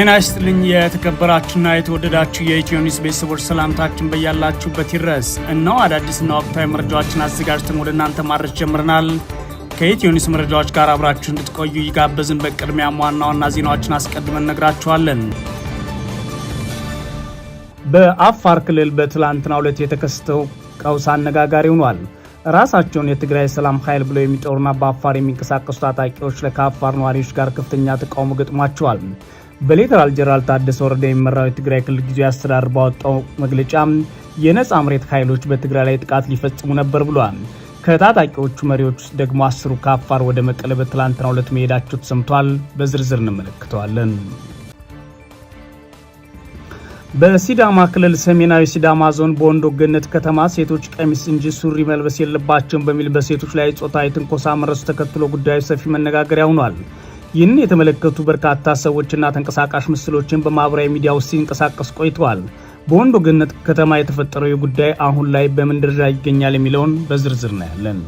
ጤና ይስጥልኝ የተከበራችሁና የተወደዳችሁ የኢትዮ ኒውስ ቤተሰቦች ሰላምታችን በያላችሁበት ይድረስ። እነሆ አዳዲስና ወቅታዊ መረጃዎችን አዘጋጅተን ወደ እናንተ ማድረስ ጀምረናል። ከኢትዮ ኒውስ መረጃዎች ጋር አብራችሁ እንድትቆዩ ይጋበዝን። በቅድሚያ ዋና ዋና ዜናዎችን አስቀድመን እነግራችኋለን። በአፋር ክልል በትላንትናው ዕለት የተከሰተው ቀውስ አነጋጋሪ ሆኗል። ራሳቸውን የትግራይ ሰላም ኃይል ብለው የሚጠሩና በአፋር የሚንቀሳቀሱ ታጣቂዎች ከአፋር ነዋሪዎች ጋር ከፍተኛ ተቃውሞ ገጥሟቸዋል። በሌተናል ጀነራል ታደሰ ወረደ የሚመራው የትግራይ ክልል ጊዜያዊ አስተዳደር ባወጣው መግለጫ የነጻ መሬት ኃይሎች በትግራይ ላይ ጥቃት ሊፈጽሙ ነበር ብሏል። ከታጣቂዎቹ መሪዎች ውስጥ ደግሞ አስሩ ከአፋር ወደ መቀለ በትላንትናው ዕለት መሄዳቸው ተሰምቷል። በዝርዝር እንመለከተዋለን። በሲዳማ ክልል ሰሜናዊ ሲዳማ ዞን በወንዶ ገነት ከተማ ሴቶች ቀሚስ እንጂ ሱሪ መልበስ የለባቸውም በሚል በሴቶች ላይ ጾታዊ ትንኮሳ መረሱ ተከትሎ ጉዳዩ ሰፊ መነጋገሪያ ሆኗል። ይህንን የተመለከቱ በርካታ ሰዎችና ተንቀሳቃሽ ምስሎችን በማኅበራዊ ሚዲያ ውስጥ ሲንቀሳቀስ ቆይተዋል። በወንዶ ገነት ከተማ የተፈጠረው ጉዳይ አሁን ላይ በምን ደረጃ ይገኛል የሚለውን በዝርዝር እናያለን።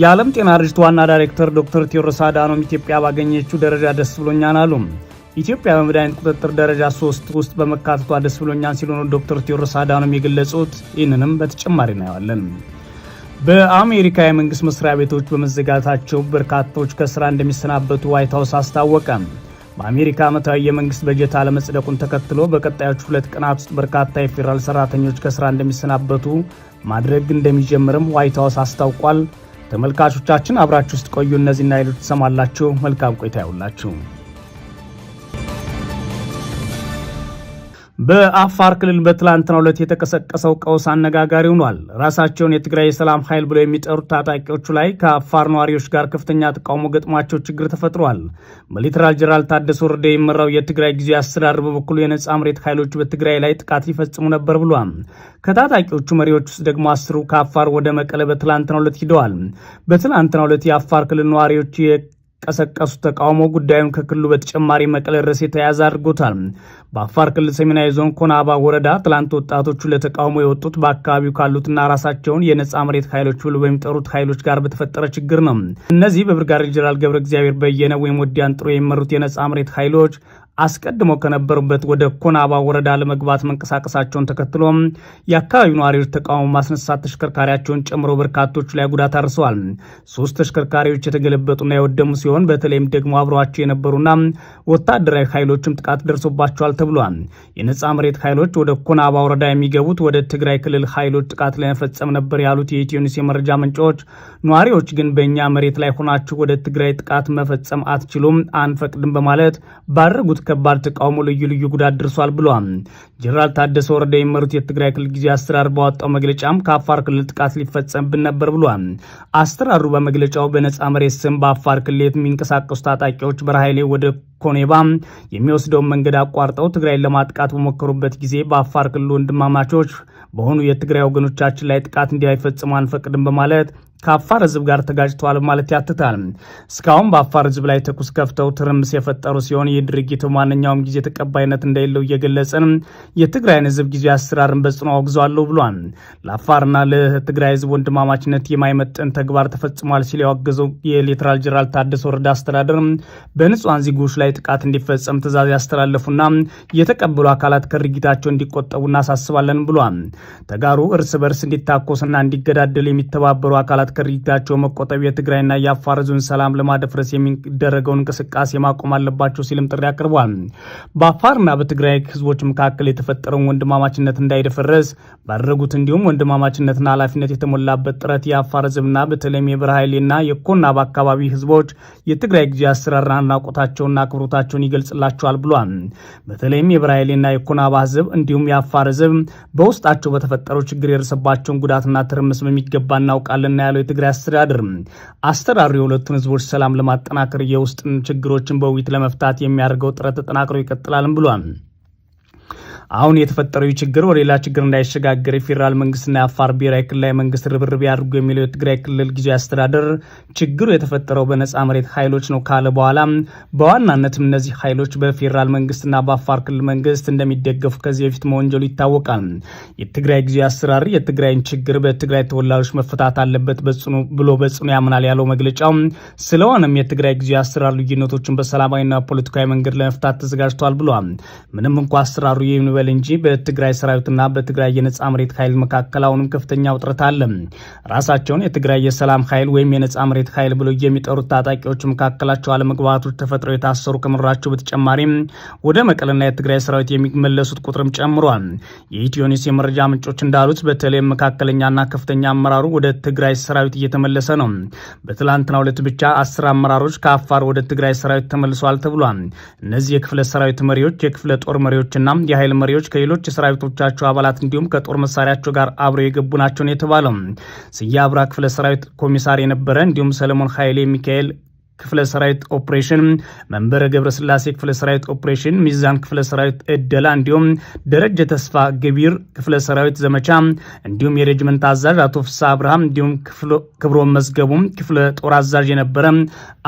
የዓለም ጤና ድርጅት ዋና ዳይሬክተር ዶክተር ቴዎድሮስ አድሃኖም ኢትዮጵያ ባገኘችው ደረጃ ደስ ብሎኛል አሉ። ኢትዮጵያ በመድኃኒት ቁጥጥር ደረጃ ሶስት ውስጥ በመካተቷ ደስ ብሎኛል ሲሉ ዶክተር ቴዎድሮስ አድሃኖም የገለጹት። ይህንንም በተጨማሪ እናየዋለን። በአሜሪካ የመንግስት መስሪያ ቤቶች በመዘጋታቸው በርካታዎች ከስራ እንደሚሰናበቱ ዋይት ሀውስ አስታወቀ። በአሜሪካ ዓመታዊ የመንግስት በጀት አለመጽደቁን ተከትሎ በቀጣዮች ሁለት ቀናት ውስጥ በርካታ የፌዴራል ሰራተኞች ከስራ እንደሚሰናበቱ ማድረግ እንደሚጀምርም ዋይት ሀውስ አስታውቋል። ተመልካቾቻችን አብራችሁ ውስጥ ቆዩ። እነዚህና ሌሎች ትሰማላችሁ። መልካም ቆይታ ያውላችሁ። በአፋር ክልል በትላንትናው ዕለት የተቀሰቀሰው ቀውስ አነጋጋሪ ሆኗል። ራሳቸውን የትግራይ የሰላም ኃይል ብለው የሚጠሩት ታጣቂዎቹ ላይ ከአፋር ነዋሪዎች ጋር ከፍተኛ ተቃውሞ ገጥሟቸው ችግር ተፈጥሯል። በሌተናል ጄኔራል ታደሰ ወረደ የሚመራው የትግራይ ጊዜያዊ አስተዳደር በበኩሉ የነጻ መሬት ኃይሎች በትግራይ ላይ ጥቃት ይፈጽሙ ነበር ብሏል። ከታጣቂዎቹ መሪዎች ውስጥ ደግሞ አስሩ ከአፋር ወደ መቀለ በትላንትናው ዕለት ሂደዋል። በትላንትናው ዕለት የአፋር ክልል ነዋሪዎች ቀሰቀሱ ተቃውሞ ጉዳዩን ከክልሉ በተጨማሪ መቀለ ድረስ የተያዘ አድርጎታል። በአፋር ክልል ሰሜናዊ ዞን ኮናባ ወረዳ ትላንት ወጣቶቹ ለተቃውሞ የወጡት በአካባቢው ካሉትና ራሳቸውን የነፃ መሬት ኃይሎች ብሎ በሚጠሩት ኃይሎች ጋር በተፈጠረ ችግር ነው። እነዚህ በብርጋዴር ጄኔራል ገብረ እግዚአብሔር በየነ ወይም ወዲያን ጥሩ የሚመሩት የነፃ መሬት ኃይሎች አስቀድሞ ከነበሩበት ወደ ኮናባ ወረዳ ለመግባት መንቀሳቀሳቸውን ተከትሎ የአካባቢው ነዋሪዎች ተቃውሞ ማስነሳት ተሽከርካሪያቸውን ጨምሮ በርካቶች ላይ ጉዳት አድርሰዋል። ሶስት ተሽከርካሪዎች የተገለበጡና የወደሙ ሲሆን በተለይም ደግሞ አብሯቸው የነበሩና ወታደራዊ ኃይሎችም ጥቃት ደርሶባቸዋል ተብሏል። የነፃ መሬት ኃይሎች ወደ ኮናባ ወረዳ የሚገቡት ወደ ትግራይ ክልል ኃይሎች ጥቃት ለመፈጸም ነበር ያሉት የኢትዮኒስ የመረጃ ምንጮች፣ ነዋሪዎች ግን በእኛ መሬት ላይ ሆናችሁ ወደ ትግራይ ጥቃት መፈጸም አትችሉም፣ አንፈቅድም በማለት ባደረጉት ከባድ ተቃውሞ ልዩ ልዩ ጉዳት ደርሷል ብሏል። ጀነራል ታደሰ ወረደ የሚመሩት የትግራይ ክልል ጊዜ አስተራር ባወጣው መግለጫም ከአፋር ክልል ጥቃት ሊፈጸምብን ነበር ብሏል። አስተራሩ በመግለጫው በነፃ መሬት ስም በአፋር ክልል የሚንቀሳቀሱ ታጣቂዎች በራይሌ ወደ ኮኔባ የሚወስደውን መንገድ አቋርጠው ትግራይን ለማጥቃት በሞከሩበት ጊዜ በአፋር ክልል ወንድማማቾች በሆኑ የትግራይ ወገኖቻችን ላይ ጥቃት እንዲያይፈጽሙ አንፈቅድም በማለት ከአፋር ህዝብ ጋር ተጋጭተዋል ማለት ያትታል። እስካሁን በአፋር ህዝብ ላይ ተኩስ ከፍተው ትርምስ የፈጠሩ ሲሆን ይህ ድርጊቱ ማንኛውም ጊዜ ተቀባይነት እንደሌለው እየገለጽን የትግራይን ህዝብ ጊዜ አሰራርን በጽኑ አወግዘዋለሁ ብሏል። ለአፋርና ለትግራይ ህዝብ ወንድማማችነት የማይመጥን ተግባር ተፈጽሟል ሲል ያወገዘው የሌተናል ጄኔራል ታደሰ ወረደ አስተዳደር በንጹሐን ዜጎች ላይ ላይ ጥቃት እንዲፈጸም ትእዛዝ ያስተላለፉና የተቀበሉ አካላት ከድርጊታቸው እንዲቆጠቡ እናሳስባለን ብሏል። ተጋሩ እርስ በርስ እንዲታኮስና እንዲገዳደል የሚተባበሩ አካላት ከድርጊታቸው መቆጠብ የትግራይና የአፋር ዞን ሰላም ለማደፍረስ የሚደረገውን እንቅስቃሴ ማቆም አለባቸው ሲልም ጥሪ አቅርቧል። በአፋርና በትግራይ ህዝቦች መካከል የተፈጠረውን ወንድማማችነት እንዳይደፈረስ ባደረጉት እንዲሁም ወንድማማችነትና ኃላፊነት የተሞላበት ጥረት የአፋር ህዝብና በተለይም የብርሃይሌና የኮና በአካባቢ ህዝቦች የትግራይ ጊዜ አሰራር ናቆታቸውና አክብሮታቸውን ይገልጽላቸዋል ብሏል። በተለይም የብራይሌና የኮናባ ህዝብ እንዲሁም የአፋር ህዝብ በውስጣቸው በተፈጠረው ችግር የደረሰባቸውን ጉዳትና ትርምስ በሚገባ እናውቃለንና ያለው የትግራይ አስተዳደር አስተዳሩ የሁለቱን ህዝቦች ሰላም ለማጠናከር የውስጥ ችግሮችን በውይይት ለመፍታት የሚያደርገው ጥረት ተጠናክሮ ይቀጥላልም ብሏል። አሁን የተፈጠረው ችግር ወደ ሌላ ችግር እንዳይሸጋገር የፌዴራል መንግስትና የአፋር ብሔራዊ ክልላዊ መንግስት ርብርብ ያድርጉ የሚለው የትግራይ ክልል ጊዜያዊ አስተዳደር ችግሩ የተፈጠረው በነፃ መሬት ኃይሎች ነው ካለ በኋላ በዋናነትም እነዚህ ኃይሎች በፌዴራል መንግስትና በአፋር ክልል መንግስት እንደሚደገፉ ከዚህ በፊት መወንጀሉ ይታወቃል። የትግራይ ጊዜያዊ አስተዳደር የትግራይን ችግር በትግራይ ተወላጆች መፈታት አለበት ብሎ በጽኑ ያምናል ያለው መግለጫው፣ ስለሆነም የትግራይ ጊዜያዊ አስተዳደር ልዩነቶችን በሰላማዊና ፖለቲካዊ መንገድ ለመፍታት ተዘጋጅቷል ብሏል። ምንም እንኳ አሰራሩ እንበል እንጂ በትግራይ ሰራዊትና በትግራይ የነጻ መሬት ኃይል መካከል አሁንም ከፍተኛ ውጥረት አለ። ራሳቸውን የትግራይ የሰላም ኃይል ወይም የነጻ መሬት ኃይል ብሎ የሚጠሩት ታጣቂዎች መካከላቸው አለመግባባቶች ተፈጥረው የታሰሩ ከመኖራቸው በተጨማሪም ወደ መቀለና የትግራይ ሰራዊት የሚመለሱት ቁጥርም ጨምሯል። የኢትዮኒስ የመረጃ ምንጮች እንዳሉት በተለይም መካከለኛና ከፍተኛ አመራሩ ወደ ትግራይ ሰራዊት እየተመለሰ ነው። በትላንትና ሁለት ብቻ አስር አመራሮች ከአፋር ወደ ትግራይ ሰራዊት ተመልሰዋል ተብሏል። እነዚህ የክፍለ ሰራዊት መሪዎች፣ የክፍለ ጦር መሪዎችና የኃይል መሪ ተማሪዎች ከሌሎች የሰራዊቶቻቸው አባላት እንዲሁም ከጦር መሳሪያቸው ጋር አብረው የገቡ ናቸው ነው የተባለው። ስዬ አብራ ክፍለ ሰራዊት ኮሚሳር የነበረ እንዲሁም ሰለሞን ኃይሌ ሚካኤል ክፍለ ሰራዊት ኦፕሬሽን፣ መንበረ ገብረስላሴ ክፍለ ሰራዊት ኦፕሬሽን፣ ሚዛን ክፍለ ሰራዊት እደላ፣ እንዲሁም ደረጀ ተስፋ ገቢር ክፍለ ሰራዊት ዘመቻ እንዲሁም የሬጅመንት አዛዥ አቶ ፍሳ አብርሃም እንዲሁም ክብሮ መዝገቡም ክፍለ ጦር አዛዥ የነበረ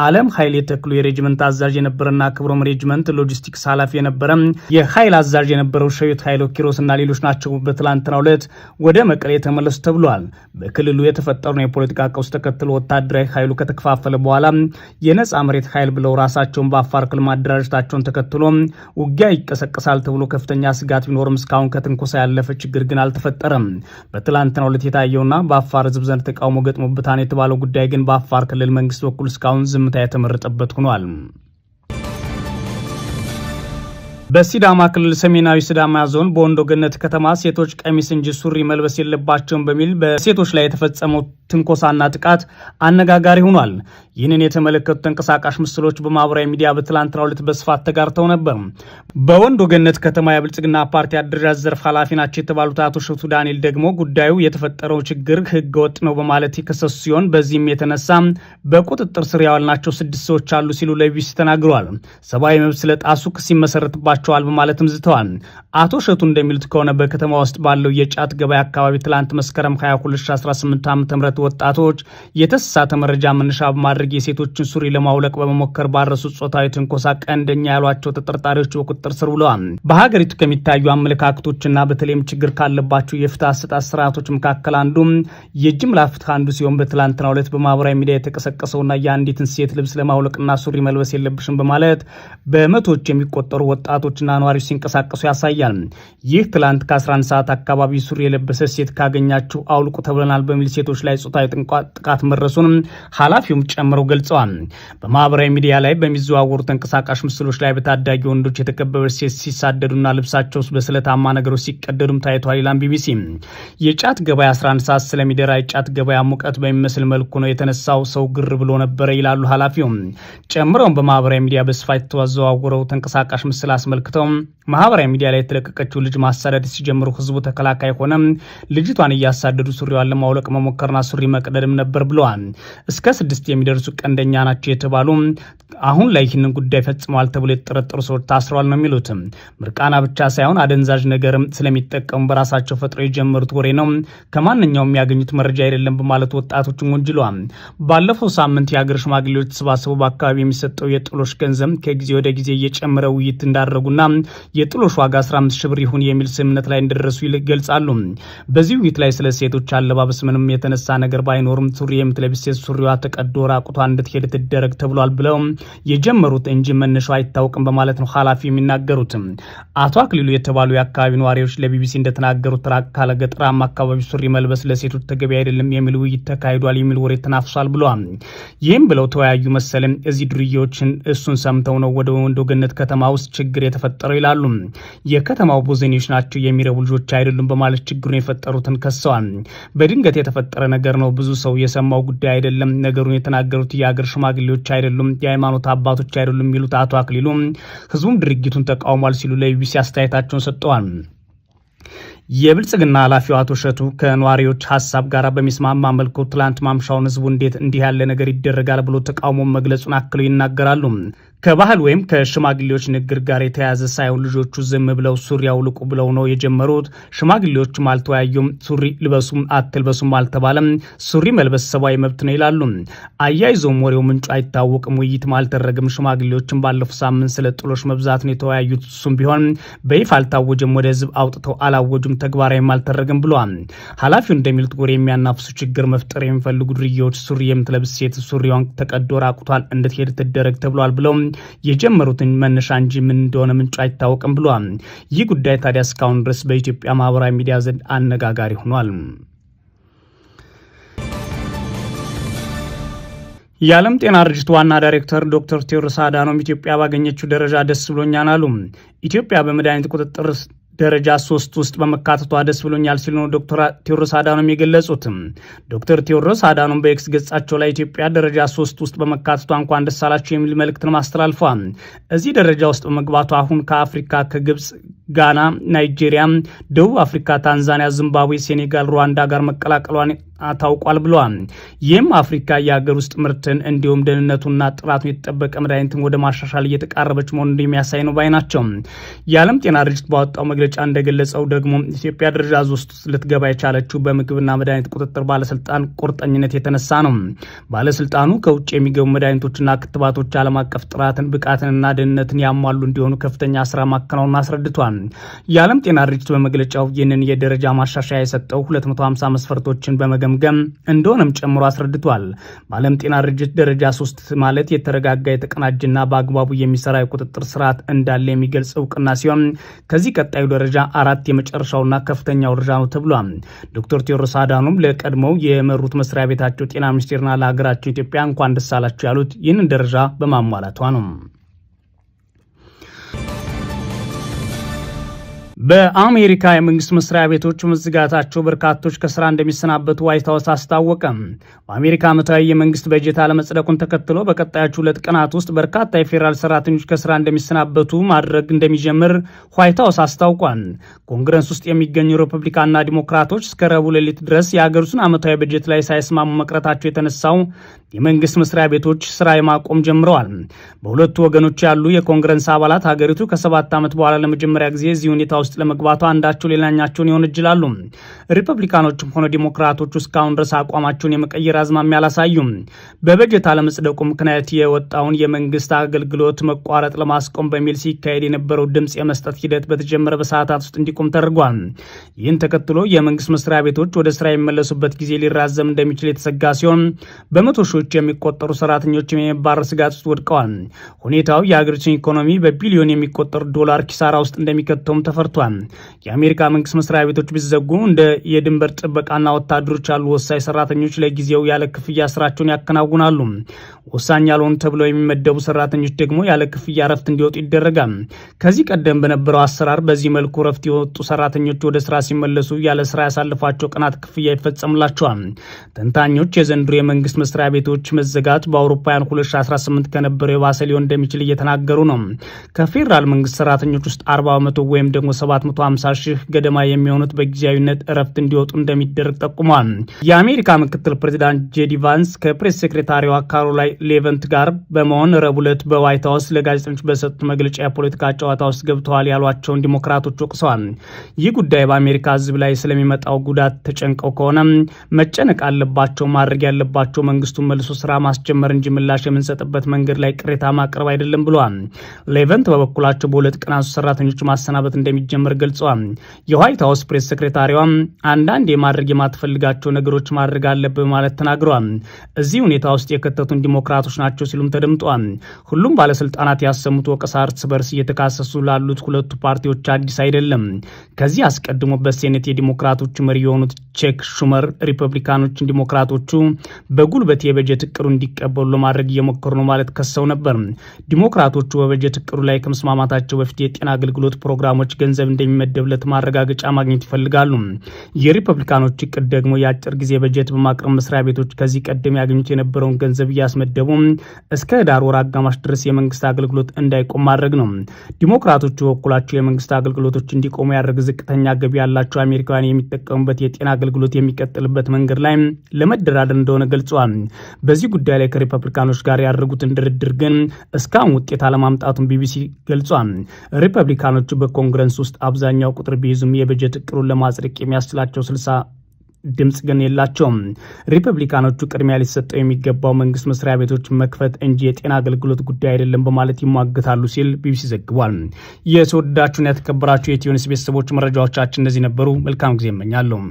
አለም ኃይል የተክሉ የሬጅመንት አዛዥ የነበረና ክብሮም ሬጅመንት ሎጂስቲክስ ኃላፊ የነበረ የኃይል አዛዥ የነበረው ሸዊት ኃይሎ ኪሮስ እና ሌሎች ናቸው በትላንትናው ዕለት ወደ መቀሌ የተመለሱ ተብሏል። በክልሉ የተፈጠሩ የፖለቲካ ቀውስ ተከትሎ ወታደራዊ ኃይሉ ከተከፋፈለ በኋላ የነፃ መሬት ኃይል ብለው ራሳቸውን በአፋር ክልል ማደራጀታቸውን ተከትሎ ውጊያ ይቀሰቀሳል ተብሎ ከፍተኛ ስጋት ቢኖርም እስካሁን ከትንኮሳ ያለፈ ችግር ግን አልተፈጠረም። በትላንትናው ዕለት የታየውና በአፋር ህዝብ ዘንድ ተቃውሞ ገጥሞበታን የተባለው ጉዳይ ግን በአፋር ክልል መንግስት በኩል እስካሁን ዝምታ የተመረጠበት ሆኗል። በሲዳማ ክልል ሰሜናዊ ሲዳማ ዞን በወንዶ ገነት ከተማ ሴቶች ቀሚስ እንጂ ሱሪ መልበስ የለባቸውም በሚል በሴቶች ላይ የተፈጸመው ትንኮሳና ጥቃት አነጋጋሪ ሆኗል። ይህንን የተመለከቱ ተንቀሳቃሽ ምስሎች በማህበራዊ ሚዲያ በትላንትናው ዕለት በስፋት ተጋርተው ነበር። በወንዶ ገነት ከተማ የብልጽግና ፓርቲ አደረጃጀት ዘርፍ ኃላፊ ናቸው የተባሉት አቶ ሸቱ ዳንኤል ደግሞ ጉዳዩ የተፈጠረው ችግር ህገወጥ ነው በማለት የከሰሱ ሲሆን በዚህም የተነሳ በቁጥጥር ስር ያዋልናቸው ስድስት ሰዎች አሉ ሲሉ ለቢቢሲ ተናግረዋል። ሰብአዊ መብት ስለጣሱ ክስ ይመሰረትባቸዋል በማለትም ዝተዋል። አቶ ሸቱ እንደሚሉት ከሆነ በከተማ ውስጥ ባለው የጫት ገበያ አካባቢ ትላንት መስከረም 22 2018 ዓ ም ወጣቶች የተሳሳተ መረጃ መነሻ በማድረግ በማድረግ የሴቶችን ሱሪ ለማውለቅ በመሞከር ባረሱት ጾታዊ ትንኮሳ ቀንደኛ ያሏቸው ተጠርጣሪዎች በቁጥጥር ስር ውለዋል። በሀገሪቱ ከሚታዩ አመለካከቶችና በተለይም ችግር ካለባቸው የፍትህ አሰጣጥ ስርዓቶች መካከል አንዱ የጅምላ ፍትህ አንዱ ሲሆን በትላንትናው ዕለት በማህበራዊ ሚዲያ የተቀሰቀሰውና የአንዲትን ሴት ልብስ ለማውለቅና ሱሪ መልበስ የለብሽም በማለት በመቶዎች የሚቆጠሩ ወጣቶችና ነዋሪዎች ሲንቀሳቀሱ ያሳያል። ይህ ትላንት ከ11 ሰዓት አካባቢ ሱሪ የለበሰች ሴት ካገኛችሁ አውልቁ ተብለናል በሚል ሴቶች ላይ ጾታዊ ጥቃት መድረሱን ኃላፊውም ጨምሮ እንደሚጨምሩ ገልጸዋል። በማህበራዊ ሚዲያ ላይ በሚዘዋወሩ ተንቀሳቃሽ ምስሎች ላይ በታዳጊ ወንዶች የተከበበች ሴት ሲሳደዱና ልብሳቸው በስለታማ ነገሮች ሲቀደዱም ታይቷል ይላል ቢቢሲ። የጫት ገበያ 11 ሰዓት ስለሚደራ የጫት ገበያ ሙቀት በሚመስል መልኩ ነው የተነሳው። ሰው ግር ብሎ ነበረ ይላሉ ኃላፊው። ጨምረውም በማህበራዊ ሚዲያ በስፋት የተዘዋወረው ተንቀሳቃሽ ምስል አስመልክተው ማህበራዊ ሚዲያ ላይ የተለቀቀችው ልጅ ማሳደድ ሲጀምሩ ህዝቡ ተከላካይ ሆነ። ልጅቷን እያሳደዱ ሱሪዋን ለማውለቅ መሞከርና ሱሪ መቅደድም ነበር ብለዋል። እስከ ስድስት የሚደርሱ በድርጊቱ ቀንደኛ ናቸው የተባሉ አሁን ላይ ይህንን ጉዳይ ፈጽመዋል ተብሎ የተጠረጠሩ ሰዎች ታስረዋል ነው የሚሉት ምርቃና ብቻ ሳይሆን አደንዛዥ ነገር ስለሚጠቀሙ በራሳቸው ፈጥሮ የጀመሩት ወሬ ነው፣ ከማንኛውም የሚያገኙት መረጃ አይደለም በማለት ወጣቶችን ወንጅለዋል። ባለፈው ሳምንት የሀገር ሽማግሌዎች ተሰባሰቡ በአካባቢ የሚሰጠው የጥሎሽ ገንዘብ ከጊዜ ወደ ጊዜ እየጨመረ ውይይት እንዳደረጉና የጥሎሽ ዋጋ 15 ሺ ብር ይሁን የሚል ስምምነት ላይ እንደደረሱ ይገልጻሉ። በዚህ ውይይት ላይ ስለ ሴቶች አለባበስ ምንም የተነሳ ነገር ባይኖርም ሱሪ የምትለብስ ሴት ሱሪዋ ተቀዶ ራቁ ወቅቷ እንድትሄድ ትደረግ ተብሏል ብለው የጀመሩት እንጂ መነሻው አይታወቅም በማለት ነው ኃላፊ የሚናገሩት አቶ አክሊሉ የተባሉ የአካባቢ ነዋሪዎች ለቢቢሲ እንደተናገሩት ራቅ ካለ ገጠራማ አካባቢ ሱሪ መልበስ ለሴቶች ተገቢ አይደለም የሚል ውይይት ተካሂዷል የሚል ወሬ ተናፍሷል ብለ ይህም ብለው ተወያዩ መሰልም እዚህ ዱርዬዎችን እሱን ሰምተው ነው ወደ ወንዶ ገነት ከተማ ውስጥ ችግር የተፈጠረው ይላሉ። የከተማው ቦዘኔዎች ናቸው የሚረቡ ልጆች አይደሉም በማለት ችግሩን የፈጠሩትን ከሰዋል። በድንገት የተፈጠረ ነገር ነው ብዙ ሰው የሰማው ጉዳይ አይደለም ነገሩን የተናገሩ የተናገሩት የአገር ሽማግሌዎች አይደሉም፣ የሃይማኖት አባቶች አይደሉም የሚሉት አቶ አክሊሉ ህዝቡም ድርጊቱን ተቃውሟል ሲሉ ለዩቢሲ አስተያየታቸውን ሰጥተዋል። የብልጽግና ኃላፊው አቶ እሸቱ ከነዋሪዎች ሀሳብ ጋር በሚስማማ መልኩ ትላንት ማምሻውን ህዝቡ እንዴት እንዲህ ያለ ነገር ይደረጋል ብሎ ተቃውሞ መግለጹን አክለው ይናገራሉ። ከባህል ወይም ከሽማግሌዎች ንግግር ጋር የተያዘ ሳይሆን ልጆቹ ዝም ብለው ሱሪ አውልቁ ብለው ነው የጀመሩት። ሽማግሌዎችም አልተወያዩም። ሱሪ ልበሱም አትልበሱም አልተባለም። ሱሪ መልበስ ሰብአዊ መብት ነው ይላሉ። አያይዞም ወሬው ምንጩ አይታወቅም፣ ውይይትም አልተደረገም። ሽማግሌዎችም ባለፉ ሳምንት ስለ ጥሎች መብዛት ነው የተወያዩት። እሱም ቢሆን በይፋ አልታወጀም፣ ወደ ህዝብ አውጥተው አላወጁም፣ ተግባራዊም አልተደረገም ብሏል። ኃላፊው እንደሚሉት ወሬ የሚያናፍሱ ችግር መፍጠር የሚፈልጉ ዱርዬዎች ሱሪ የምትለብስ ሴት ሱሪዋን ተቀዶ ራቁቷል እንድትሄድ ትደረግ ተብሏል ብለው የጀመሩትን መነሻ እንጂ ምን እንደሆነ ምንጩ አይታወቅም ብሏል። ይህ ጉዳይ ታዲያ እስካሁን ድረስ በኢትዮጵያ ማህበራዊ ሚዲያ ዘንድ አነጋጋሪ ሆኗል። የዓለም ጤና ድርጅት ዋና ዳይሬክተር ዶክተር ቴዎድሮስ አዳኖም ኢትዮጵያ ባገኘችው ደረጃ ደስ ብሎኛል አሉ። ኢትዮጵያ በመድኃኒት ቁጥጥር ደረጃ ሶስት ውስጥ በመካተቷ ደስ ብሎኛል ሲሉ ነው ዶክተር ቴዎድሮስ አዳኖም የገለጹትም። ዶክተር ቴዎድሮስ አዳኖም በኤክስ ገጻቸው ላይ ኢትዮጵያ ደረጃ ሶስት ውስጥ በመካተቷ እንኳን ደስ አላቸው የሚል መልእክትን አስተላልፏል። እዚህ ደረጃ ውስጥ በመግባቷ አሁን ከአፍሪካ ከግብፅ፣ ጋና፣ ናይጄሪያ፣ ደቡብ አፍሪካ፣ ታንዛኒያ፣ ዚምባብዌ፣ ሴኔጋል፣ ሩዋንዳ ጋር መቀላቀሏን ታውቋል ብለዋል። ይህም አፍሪካ የሀገር ውስጥ ምርትን እንዲሁም ደህንነቱና ጥራቱን የተጠበቀ መድኃኒትን ወደ ማሻሻል እየተቃረበች መሆኑን የሚያሳይ ነው ባይ ናቸው። የዓለም ጤና ድርጅት ባወጣው መግለጫ እንደገለጸው ደግሞ ኢትዮጵያ ደረጃ ውስጥ ልትገባ የቻለችው በምግብና መድኃኒት ቁጥጥር ባለስልጣን ቁርጠኝነት የተነሳ ነው። ባለስልጣኑ ከውጭ የሚገቡ መድኃኒቶችና ክትባቶች ዓለም አቀፍ ጥራትን ብቃትንና ደህንነትን ያሟሉ እንዲሆኑ ከፍተኛ ስራ ማከናወን አስረድቷል። የዓለም ጤና ድርጅት በመግለጫው ይህንን የደረጃ ማሻሻያ የሰጠው 250 መስፈርቶችን በመገ መገምገም እንደሆነም ጨምሮ አስረድቷል። በዓለም ጤና ድርጅት ደረጃ ሶስት ማለት የተረጋጋ የተቀናጅና በአግባቡ የሚሰራ የቁጥጥር ስርዓት እንዳለ የሚገልጽ እውቅና ሲሆን ከዚህ ቀጣዩ ደረጃ አራት የመጨረሻውና ከፍተኛው ደረጃ ነው ተብሏል። ዶክተር ቴዎድሮስ አዳኖም ለቀድሞው የመሩት መስሪያ ቤታቸው ጤና ሚኒስቴርና ለሀገራቸው ኢትዮጵያ እንኳን ደስ አላቸው ያሉት ይህንን ደረጃ በማሟላቷ ነው። በአሜሪካ የመንግስት መስሪያ ቤቶች መዝጋታቸው በርካቶች ከስራ እንደሚሰናበቱ ዋይት ሀውስ አስታወቀ። በአሜሪካ ዓመታዊ የመንግስት በጀት አለመጽደቁን ተከትሎ በቀጣዮቹ ሁለት ቀናት ውስጥ በርካታ የፌዴራል ሰራተኞች ከስራ እንደሚሰናበቱ ማድረግ እንደሚጀምር ዋይት ሀውስ አስታውቋል። ኮንግረስ ውስጥ የሚገኙ ሪፐብሊካና ዲሞክራቶች እስከ ረቡዕ ሌሊት ድረስ የሀገሪቱን ዓመታዊ በጀት ላይ ሳይስማሙ መቅረታቸው የተነሳው የመንግስት መስሪያ ቤቶች ስራ የማቆም ጀምረዋል። በሁለቱ ወገኖች ያሉ የኮንግረስ አባላት ሀገሪቱ ከሰባት ዓመት በኋላ ለመጀመሪያ ጊዜ እዚህ ሁኔታ ውስጥ ለመግባቷ አንዳቸው ሌላኛቸውን ይወነጅላሉ። ሪፐብሊካኖችም ሆነ ዲሞክራቶች እስካሁን ድረስ አቋማቸውን የመቀየር አዝማሚያ አላሳዩም። በበጀት አለመጽደቁ ምክንያት የወጣውን የመንግስት አገልግሎት መቋረጥ ለማስቆም በሚል ሲካሄድ የነበረው ድምፅ የመስጠት ሂደት በተጀመረ በሰዓታት ውስጥ እንዲቆም ተደርጓል። ይህን ተከትሎ የመንግስት መስሪያ ቤቶች ወደ ስራ የሚመለሱበት ጊዜ ሊራዘም እንደሚችል የተሰጋ ሲሆን በመቶ በሺዎች የሚቆጠሩ ሰራተኞች የመባረር ስጋት ውስጥ ወድቀዋል። ሁኔታው የሀገሪቱን ኢኮኖሚ በቢሊዮን የሚቆጠሩ ዶላር ኪሳራ ውስጥ እንደሚከተውም ተፈርቷል። የአሜሪካ መንግስት መስሪያ ቤቶች ቢዘጉ እንደ የድንበር ጥበቃና ወታደሮች ያሉ ወሳኝ ሰራተኞች ለጊዜው ያለ ክፍያ ስራቸውን ያከናውናሉ። ወሳኝ ያልሆኑ ተብለው የሚመደቡ ሰራተኞች ደግሞ ያለ ክፍያ እረፍት እንዲወጡ ይደረጋል። ከዚህ ቀደም በነበረው አሰራር በዚህ መልኩ እረፍት የወጡ ሰራተኞች ወደ ስራ ሲመለሱ ያለ ስራ ያሳልፏቸው ቀናት ክፍያ ይፈጸምላቸዋል። ተንታኞች የዘንድሮ የመንግስት መስሪያ ቤቶች ኤምባሲዎች መዘጋት በአውሮፓውያን 2018 ከነበረው የባሰ ሊሆን እንደሚችል እየተናገሩ ነው። ከፌዴራል መንግስት ሰራተኞች ውስጥ 40 በመቶ ወይም ደግሞ 750 ሺህ ገደማ የሚሆኑት በጊዜያዊነት እረፍት እንዲወጡ እንደሚደረግ ጠቁሟል። የአሜሪካ ምክትል ፕሬዚዳንት ጄዲ ቫንስ ከፕሬስ ሴክሬታሪዋ ካሮላይን ሌቨንት ጋር በመሆን ረቡዕ ዕለት በዋይት ሀውስ ለጋዜጠኞች በሰጡት መግለጫ የፖለቲካ ጨዋታ ውስጥ ገብተዋል ያሏቸውን ዲሞክራቶች ወቅሰዋል። ይህ ጉዳይ በአሜሪካ ህዝብ ላይ ስለሚመጣው ጉዳት ተጨንቀው ከሆነ መጨነቅ አለባቸው። ማድረግ ያለባቸው መንግስቱን የመልሶ ስራ ማስጀመር እንጂ ምላሽ የምንሰጥበት መንገድ ላይ ቅሬታ ማቅረብ አይደለም ብሏል። ሌቨንት በበኩላቸው በሁለት ቀናት ሰራተኞች ማሰናበት እንደሚጀመር ገልጸዋል። የዋይት ሀውስ ፕሬስ ሴክሬታሪዋ አንዳንድ የማድረግ የማትፈልጋቸው ነገሮች ማድረግ አለብ በማለት ተናግረዋል። እዚህ ሁኔታ ውስጥ የከተቱን ዲሞክራቶች ናቸው ሲሉም ተደምጧል። ሁሉም ባለስልጣናት ያሰሙት ወቀሳ እርስ በርስ እየተካሰሱ ላሉት ሁለቱ ፓርቲዎች አዲስ አይደለም። ከዚህ አስቀድሞ በሴኔት የዲሞክራቶቹ መሪ የሆኑት ቼክ ሹመር ሪፐብሊካኖችን ዲሞክራቶቹ በጉልበት የበጀ በበጀት እቅዱ እንዲቀበሉ ለማድረግ እየሞከሩ ነው ማለት ከሰው ነበር። ዲሞክራቶቹ በበጀት እቅዱ ላይ ከመስማማታቸው በፊት የጤና አገልግሎት ፕሮግራሞች ገንዘብ እንደሚመደብለት ማረጋገጫ ማግኘት ይፈልጋሉ። የሪፐብሊካኖች እቅድ ደግሞ የአጭር ጊዜ በጀት በማቅረብ መስሪያ ቤቶች ከዚህ ቀደም ያገኙት የነበረውን ገንዘብ እያስመደቡ እስከ ህዳር ወር አጋማሽ ድረስ የመንግስት አገልግሎት እንዳይቆም ማድረግ ነው። ዲሞክራቶቹ በበኩላቸው የመንግስት አገልግሎቶች እንዲቆሙ ያደረግ ዝቅተኛ ገቢ ያላቸው አሜሪካውያን የሚጠቀሙበት የጤና አገልግሎት የሚቀጥልበት መንገድ ላይ ለመደራደር እንደሆነ ገልጸዋል። በዚህ ጉዳይ ላይ ከሪፐብሊካኖች ጋር ያደረጉትን ድርድር ግን እስካሁን ውጤት አለማምጣቱን ቢቢሲ ገልጿል። ሪፐብሊካኖቹ በኮንግረስ ውስጥ አብዛኛው ቁጥር ቢይዙም የበጀት እቅዱን ለማጽደቅ የሚያስችላቸው ስልሳ ድምጽ ግን የላቸውም። ሪፐብሊካኖቹ ቅድሚያ ሊሰጠው የሚገባው መንግስት መስሪያ ቤቶች መክፈት እንጂ የጤና አገልግሎት ጉዳይ አይደለም በማለት ይሟገታሉ ሲል ቢቢሲ ዘግቧል። የተወዳችሁና የተከበራችሁ የኢትዮ ኒውስ ቤተሰቦች መረጃዎቻችን እነዚህ ነበሩ። መልካም ጊዜ እመኛለሁ።